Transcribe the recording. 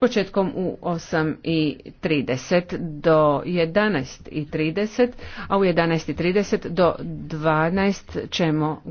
početkom u 8.30 do 11.30, a u 11.30 do 12 ćemo